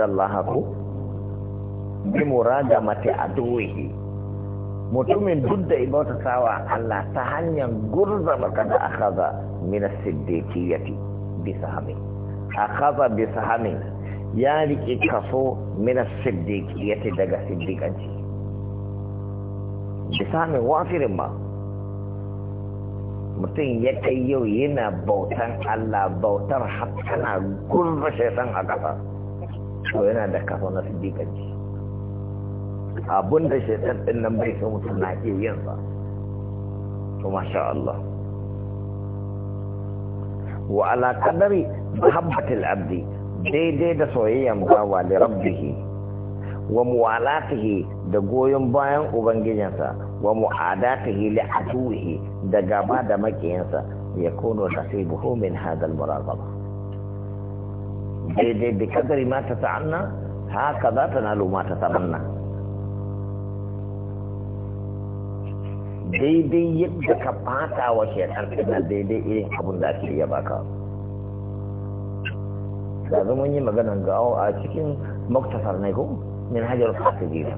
Allah ko bi murajamati aduwihi mutumin duk da ibautatawa Allah ta hanyar gurza baka da akaza min siddiqiyati bi sahami akaza bi sahami ya rike kaso min siddiqiyati daga siddiqanci bi sahami wafirin ba mutum ya kai yau yana bautan Allah bautar har tana gurza shaitan a kafa to yana da kafa na siddiƙanci abun da shaitan ɗin nan bai san mutum na iya yin sa to masha Allah wa ala kadari mahabbatil abdi daidai da soyayyan bawa da rabbihi wa muwalatihi da goyon bayan ubangijinsa wa mu'adatihi li aduwihi da gaba da makiyansa sai buhu min hadal al daidai da kadari ma ta ta'anna haka za ta nalo ma ta tabanna daidai yadda ka fata wa shekar na daidai irin abin da ake iya baka da zama yi maganan gawo a cikin maktasar na ko min hajar jira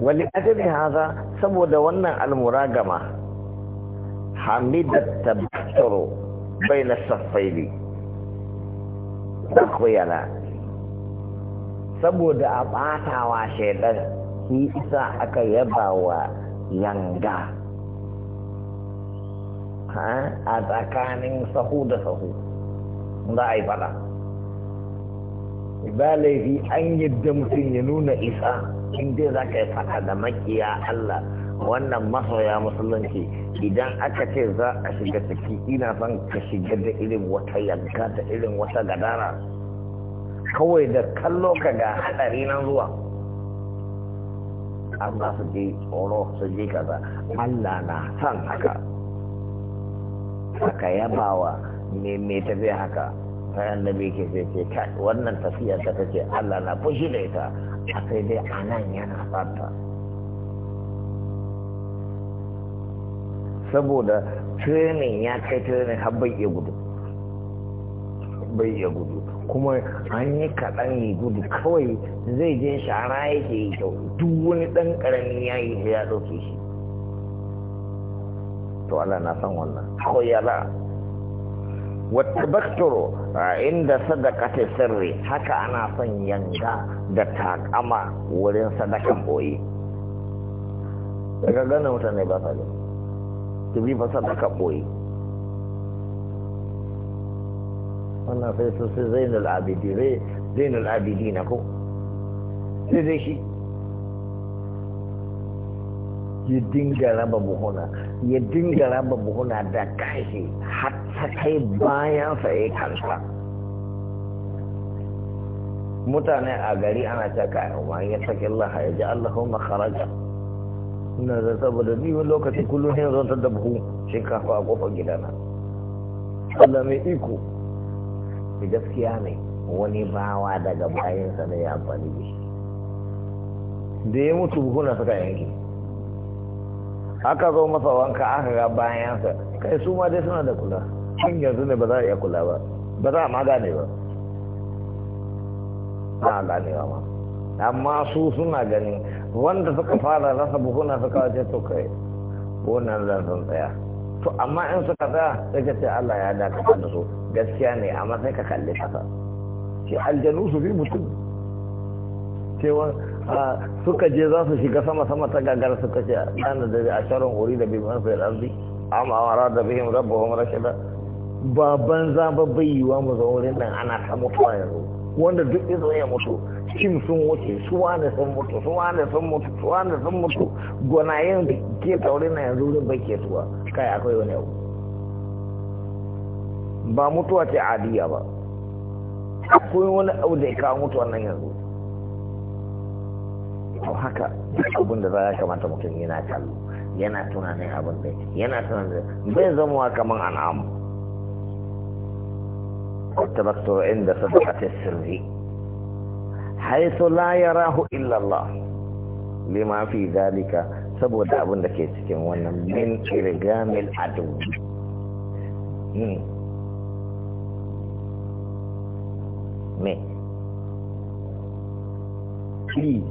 wani ajali haza saboda wannan gama, hamidat tabattaro bai na saffaili saboda a ɓatawa shaidar shi isa aka yaba wa yanga a tsakanin sahu da sahu za a yi fada ba an yadda mutum ya nuna isa inda za ka yi fada da makiya Allah wannan masoya musulunci idan aka ce za a shiga ciki ina son ka shiga da irin wata yanka da irin wata gadara kawai da kallo ka ga hadari nan zuwa amma su je tsoro su je kaza Allah na son haka haka yabawa me me tafi haka sai annabi ke sai ce wannan tafiya ta ce Allah na fushi da ita a sai dai anan yana fata saboda training ya kai training har bai iya gudu bai iya gudu kuma an yi kaɗan yi gudu kawai zai je shara yake yi kyau duk wani ɗan ƙarami ya yi ya ɗauke shi to ala na san wannan wata watabaktoro a inda ta sirri haka ana son yanga da takama wurin sadakan boye daga ganin mutane ba sa dubi fasar da kan boye wannan sai su sai zainul abidi zainul abidi na ko sai dai shi ya dinga raba buhuna ya dinga raba buhuna da kashi har ta kai bayansa ya karsa mutane a gari ana ta kayan wa ya saki Allah ya ji Allahumma kharaja ina da saboda ni wani lokaci kullum sai zan da buhu shinkafa a kofar gidana Allah mai iko da gaskiya ne wani bawa daga bayansa ne ya amfani da shi da ya mutu buhu na suka yanki aka zo masa wanka aka ga bayansa kai su ma dai suna da kula shin yanzu ne ba za a iya kula ba ba za a ma gane ba na a ganewa ma amma su suna ganin wanda suka fara rasa buhuna suka wace to kai wannan da sun tsaya to amma in suka tsaya sai ka ce Allah ya dakata da su gaskiya ne amma sai ka kalli kasa ce aljanu su bi mutum cewa suka je za su shiga sama sama ta gagara suka ce dana da a sharon uri da biman sai arzi amma amara da bihim rabbuhum rashida baban za ba bayyuwa mu zo wurin nan ana samu kwayar yanzu wanda duk izo ya mutu kim sun wuce suwa da sun mutu suwa da sun mutu suwa da sun mutu gwanayen da ke taure na yanzu wurin bai ke suwa kai akwai wani yau ba mutuwa ce adiya ba akwai wani abu da ya kawo mutuwa nan yanzu to haka abin da za ya kamata mutum yana kallo yana tunanin abin da yana tunanin bai zama kamar an'amu واتبقته عند صدقة السر حيث لا يراه إلا الله لما في ذلك سبو دعون لك يسكن وانا من إرقام العدو مي في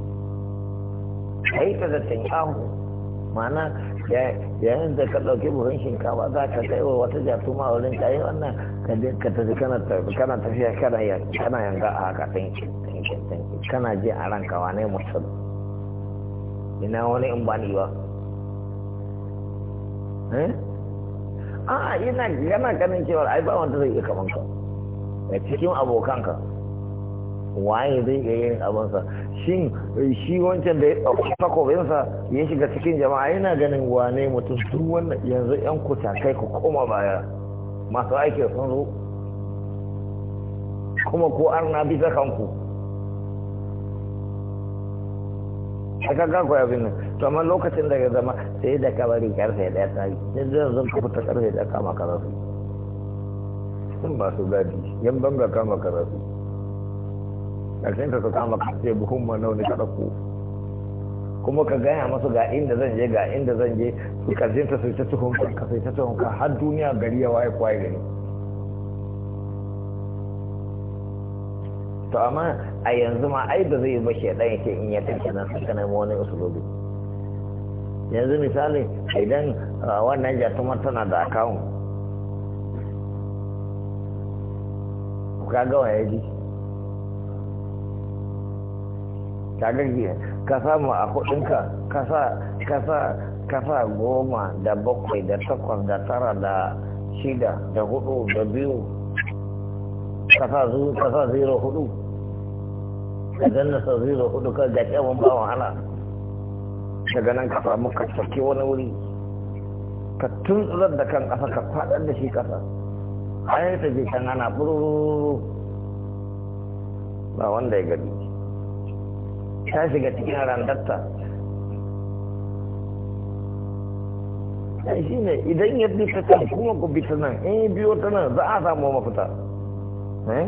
حيث تتنشاه معنى يا يا عندك لو كيف هنشن كوا ذاك تقول وتجا ثم أولين تأيه وانا ka tafi ka tafi kana tafi kana yanga a haka kana je a ranka wane mutum ina wani in ba ni ba eh? a ina yana ganin cewa ai ba wanda zai iya kaman ka a cikin abokan ka waye zai iya yin sa shin shi wancan da ya takobin sa ya shiga cikin jama'a yana ganin wane mutum duk wannan yanzu yan kuta kai ku koma baya masu aiki sun zo kuma ko an na bisa kanku aka ga koya bin to amma lokacin da ya zama sai da kabari karfe daya ta yi sai zo zan ka fita karfe da kama karatu sun ba su gadi yan banga kama karatu a cikin ta kama karfe buhun ma nauni ka ɗauko kuma ka gaya masu ga inda zan je ga inda zan je su ta sai ta tuhun ka sai ta tuhun ka har duniya gari ya waye kwaye gari to amma a yanzu ma ai ba zai ba dan yake in ya tafi nan saka na wani usulobi yanzu misali idan ah, wannan jatumar tana da akawun ka ga ya ji ta gaggiyar ka samu a hudunka ka sa goma da bakwai da takwas da tara da shida da hudu da biyu ka sa zero hudu ka zannasa zero hudu ka ga abin ba wahala daga nan ka samu ka sauke wani wuri ka tsirar da kan ƙasa ka faɗar da shi ƙasa a yi ta je can ana bururu ba wanda ya gani ta shiga cikin randarta shi ne idan ya bi ta kan kuma ku bi ta nan in biyo ta nan za a samu mafita eh?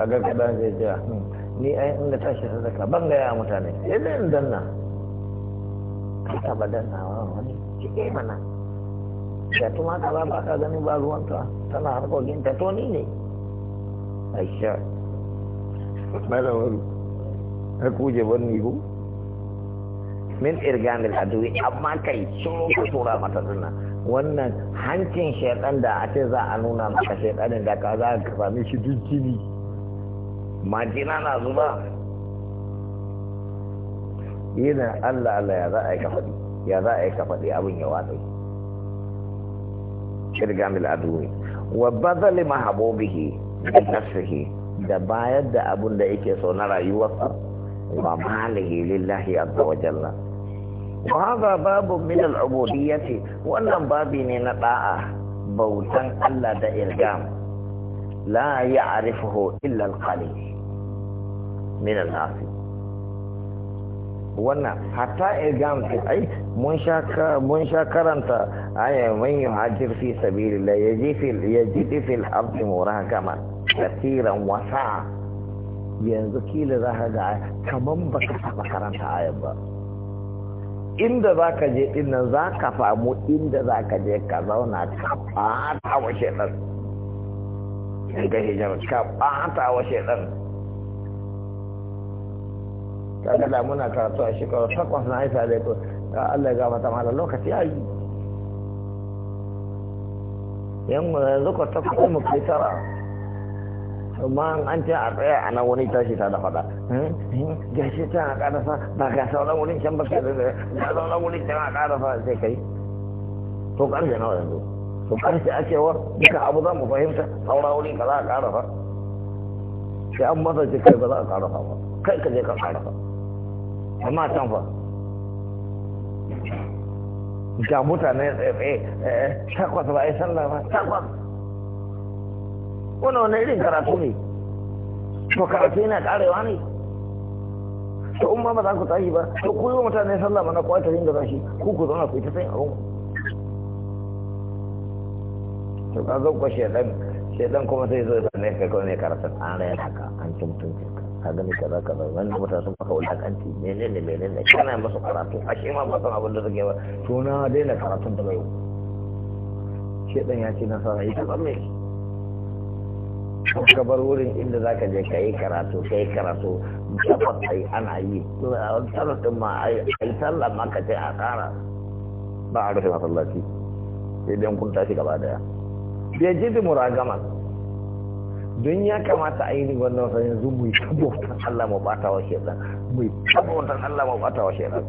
ga kaɗan zai ce hmm, ni ai inda tashi zaka ban gaya mutane yadda eh, in danna ka danna wa wani cike mana ya tuma ka ba ka gani ba ruwanta tana ta to ni ne aisha mala waru har kuje banni ko min irganil aduwi amma kai sun ka tura mata dinna wannan hancin shaidan da a ce za a nuna maka shaidanin da ka za ka same shi duk jini majina na zuba yana Allah Allah ya za a yi kafaɗi ya za a yi kafaɗi abin ya watsa irganil aduwi wa bazali mahabobihi bi nafsihi da bayar da abun da yake so na rayuwarsa wa malihi lillahi azza wa jalla wa babu min al-ubudiyyati wannan babi ne na da'a bautan Allah da irgam la ya'rifuhu illa al-qalil min al-nasi wannan hatta irgam ai mun sha mun sha karanta aya man yuhajir fi sabilillah yaji fil yaji fil ardi murahkaman kasiran wasa yanzu kila za ka ga kaman ba ka taɓa karanta ayan ba inda za ka je ɗin nan za ka famu inda za ka je ka zauna ka ɓata wa shaɗan ga hijar ka ɓata wa shaɗan ka ga damuna karatu a shekaru takwas na aisa da ku Allah ga mata mahalar lokaci ya yi yan yanzu ka takwas mu kai tara amma an ce a tsaya a nan wani tashi ta da fada hmm? hmm? ga shi can a karasa ba ga sauran wurin can ba ga sauran wani can a karasa sai kai to karshe nawa yanzu to karshe a cewa duka abu za mu fahimta saura wani ka za a karasa sai an masa ce kai ba za a karasa ba kai ka je ka karasa amma can fa ga mutane tsaye tsaye eh, eh, takwas ba a yi sallah takwas wani wani irin karatu ne to karatu yana karewa ne to in ba za ku tashi ba to ku yi wa mutane sallah mana kwa ta ringa zashi ku ku zauna ku yi ta sayin abin to ka zo ku shaidan shedan kuma sai zo da ne kai kawai ne karatun an rayar haka an ci mutunci ka gani kaza kaza wani mutane sun maka wulakanci menene menene kana masu karatu a shi ma ba san abin da suke ba to na daina karatun daga yau shedan ya ce nasara ita ta mai kabar wurin inda za ka je ka yi karatu ka yi karatu tabbas ai ana yi sallar din ma ai sallah ma ka ce a kara ba a rufe masallaci sai dan kun tashi gaba daya bai ji da muragama don ya kamata a yi ni wannan sanin zumu yi tabbautan Allah mu bata wa shedan mu yi tabbautan Allah mu bata wa shedan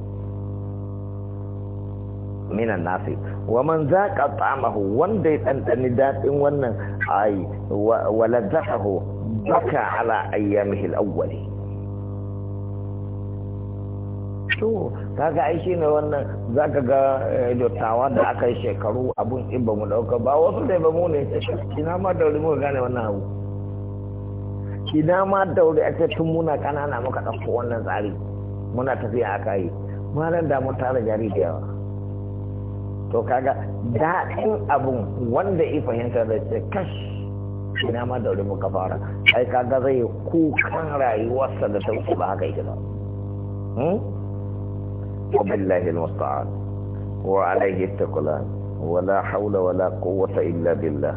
minan nasi wa man zaqa ta'amahu wanda ya dandani daɗin wannan za wa ladzahu baka ala ayyamihi al-awwali to kaga ai shine wannan zaka ga eh, dottawa da aka yi shekaru abun in ba mu dauka ba wasu da ba mu ne ina ma dauri mu gane wannan abu ina ma wuri a tun muna kanana muka dauko wannan tsari muna tafiya aka yi. malam da mun tara jari da yawa to kaga daɗin abun wanda ya fahimta da ce kash ina ma daure wani muka fara ai kaga zai kukan rayuwarsa da ta wuce ba haka yake ba وبالله المستعان وعليه التكلان ولا حول ولا قوة إلا بالله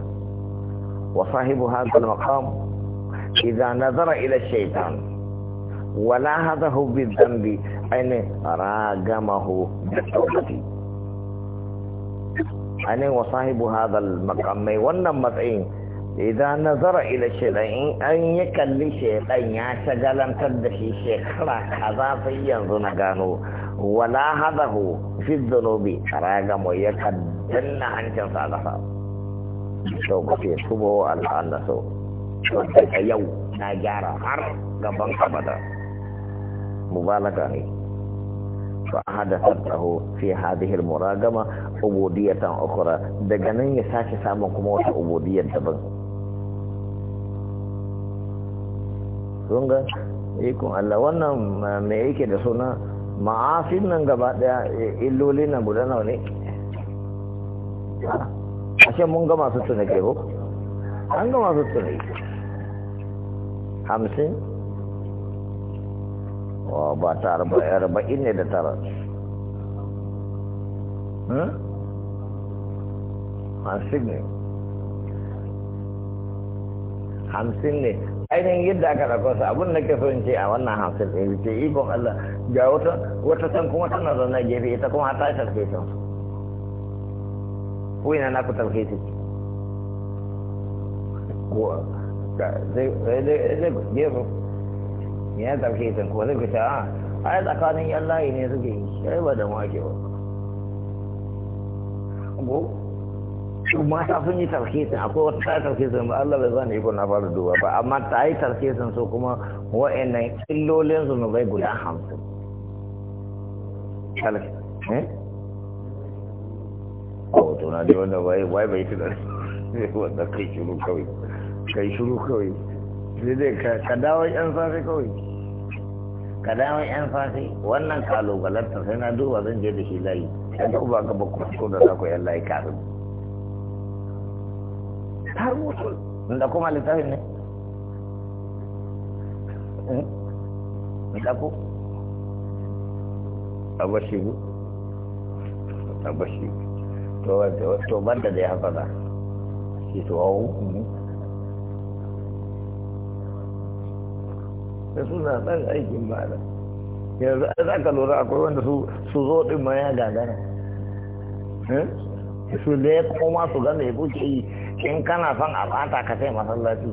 وصاحب هذا المقام إذا نظر إلى الشيطان ولاحظه بالذنب أن راجمه بالتوبة أنا وصاحب هذا المقام وانا مضعين إذا نظر إلى الشيطان أن يكن لشيطان يا شجالا تدخي شيخ لا هذا في قالوا ولا هذا هو في الذنوب راقم ويكن جنة عن كن صالحا شو بفي سبو الآن نسو يو نجارة هر قبن قبدا مبالغة فحدثت له في هذه المراقمة ubudiyatan ukhra daga nan ya sake samun kuma wata ubudiyar daban kun ga ikon Allah wannan me yake da suna ma'asin nan gaba daya eh, illoli na guda nawa ne ce mun ga masu tuna ke ko an ga masu tuna hamsin ba ta arba'in ne da tara hmm? hamsin ne hamsin ne ainihin yadda aka ɗauko su abin da ke ce a wannan hamsin ɗin ce ikon Allah ga wata wata san kuma tana zaune gefe ita kuma ta tarfe ta ko ina na ku tarfe ta ko zai zai gefe ya tarfe ta ko ah, zai ku ce a ai tsakanin yallahi ne suke yi shi ba da mu ake ba mata sun yi tarkesin akwai wata ta tarkesin ba Allah bai zane iko na fara duba ba amma ta yi tarkesin so kuma wa'annan illolin su bai guda hamsin eh oh to na ji wanda bai bai bai tunar wanda kai shuru kawai kai shuru kawai sai dai ka dawo yan safi kawai ka dawo yan safi wannan kalubalantar sai na duba zan je da shi layi yanzu ba ka bakwai ko da za ku yan layi kafin har mutu da kuma littafin ne to banda da ya haka shi to da hmm? suna aikin ba da yanzu za ka lura akwai wanda su zo ɗin ma ya gagara hmm? su ne kuma su gane ya kuke yi in kana son a bata ka sai masallaci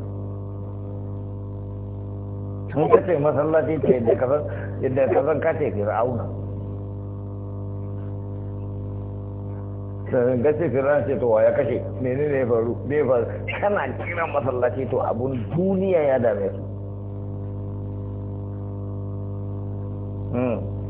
sun ka sai masallaci ta yadda ka san yadda ka san kace ce fir'auna sai ga ce fir'auna ce to waya ya kashe menene ya faru ne faru kana kiran masallaci to abun duniya ya dame su hmm.